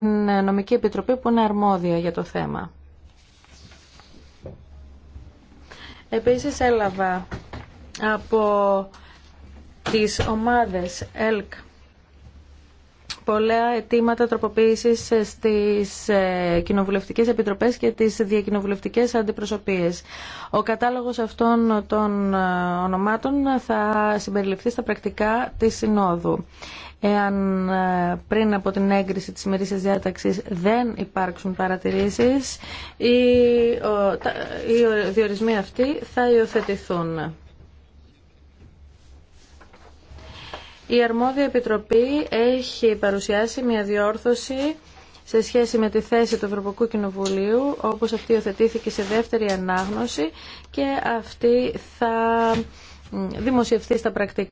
Την ε, νομική επιτροπή που είναι αρμόδια για το θέμα. Επίσης έλαβα από τις ομάδες ΕΛΚ πολλά αιτήματα τροποποίηση στις ε, κοινοβουλευτικέ επιτροπές και τι διακοινοβουλευτικέ αντιπροσωπείες. Ο κατάλογος αυτών των ε, ονομάτων θα συμπεριληφθεί στα πρακτικά της Συνόδου. Εάν ε, πριν από την έγκριση της ημερήσιας διάταξης δεν υπάρξουν παρατηρήσεις, οι διορισμοί αυτοί θα υιοθετηθούν. Η αρμόδια επιτροπή έχει παρουσιάσει μια διόρθωση σε σχέση με τη θέση του Ευρωπαϊκού Κοινοβουλίου, όπως αυτή οθετήθηκε σε δεύτερη ανάγνωση και αυτή θα δημοσιευθεί στα πρακτικά.